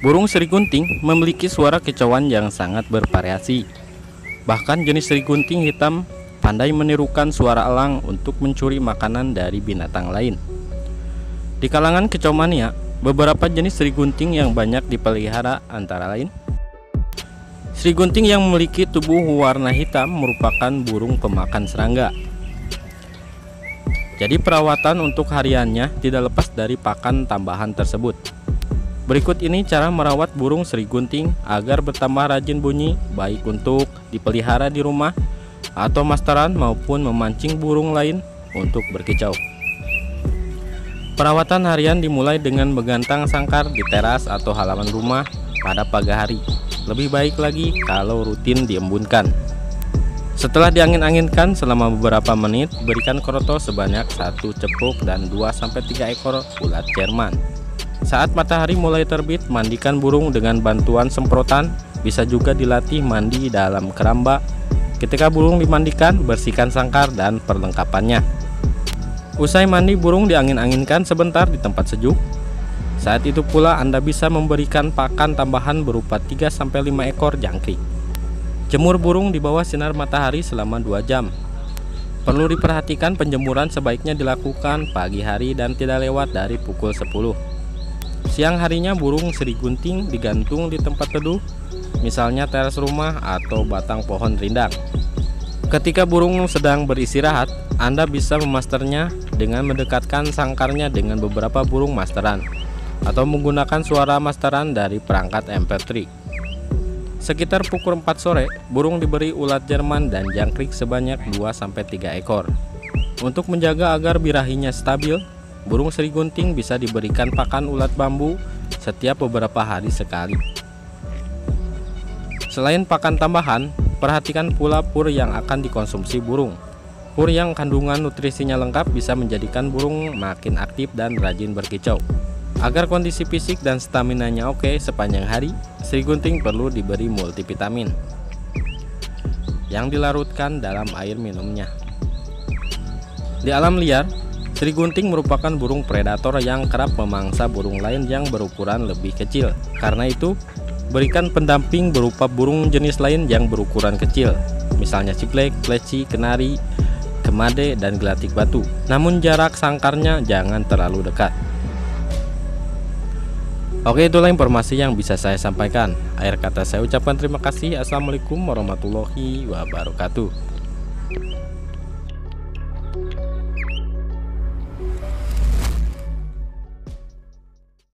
Burung serigunting memiliki suara kecauan yang sangat bervariasi. Bahkan jenis serigunting hitam pandai menirukan suara elang untuk mencuri makanan dari binatang lain. Di kalangan kecaumania, beberapa jenis serigunting yang banyak dipelihara antara lain serigunting yang memiliki tubuh warna hitam merupakan burung pemakan serangga. Jadi perawatan untuk hariannya tidak lepas dari pakan tambahan tersebut. Berikut ini cara merawat burung seri gunting agar bertambah rajin bunyi baik untuk dipelihara di rumah atau masteran maupun memancing burung lain untuk berkicau. Perawatan harian dimulai dengan menggantang sangkar di teras atau halaman rumah pada pagi hari. Lebih baik lagi kalau rutin diembunkan. Setelah diangin-anginkan selama beberapa menit, berikan kroto sebanyak satu cepuk dan 2-3 ekor ulat Jerman. Saat matahari mulai terbit, mandikan burung dengan bantuan semprotan. Bisa juga dilatih mandi dalam keramba. Ketika burung dimandikan, bersihkan sangkar dan perlengkapannya. Usai mandi, burung diangin-anginkan sebentar di tempat sejuk. Saat itu pula Anda bisa memberikan pakan tambahan berupa 3-5 ekor jangkrik. Jemur burung di bawah sinar matahari selama 2 jam. Perlu diperhatikan penjemuran sebaiknya dilakukan pagi hari dan tidak lewat dari pukul 10. Siang harinya burung seri gunting digantung di tempat teduh, misalnya teras rumah atau batang pohon rindang. Ketika burung sedang beristirahat, Anda bisa memasternya dengan mendekatkan sangkarnya dengan beberapa burung masteran atau menggunakan suara masteran dari perangkat MP3. Sekitar pukul 4 sore, burung diberi ulat Jerman dan jangkrik sebanyak 2-3 ekor. Untuk menjaga agar birahinya stabil, Burung seri gunting bisa diberikan pakan ulat bambu setiap beberapa hari sekali. Selain pakan tambahan, perhatikan pula pur yang akan dikonsumsi burung. Pur yang kandungan nutrisinya lengkap bisa menjadikan burung makin aktif dan rajin berkicau. Agar kondisi fisik dan staminanya oke sepanjang hari, serigunting gunting perlu diberi multivitamin yang dilarutkan dalam air minumnya. Di alam liar, Trigunting merupakan burung predator yang kerap memangsa burung lain yang berukuran lebih kecil. Karena itu, berikan pendamping berupa burung jenis lain yang berukuran kecil, misalnya ciplek, pleci, kenari, kemade, dan gelatik batu. Namun jarak sangkarnya jangan terlalu dekat. Oke itulah informasi yang bisa saya sampaikan Akhir kata saya ucapkan terima kasih Assalamualaikum warahmatullahi wabarakatuh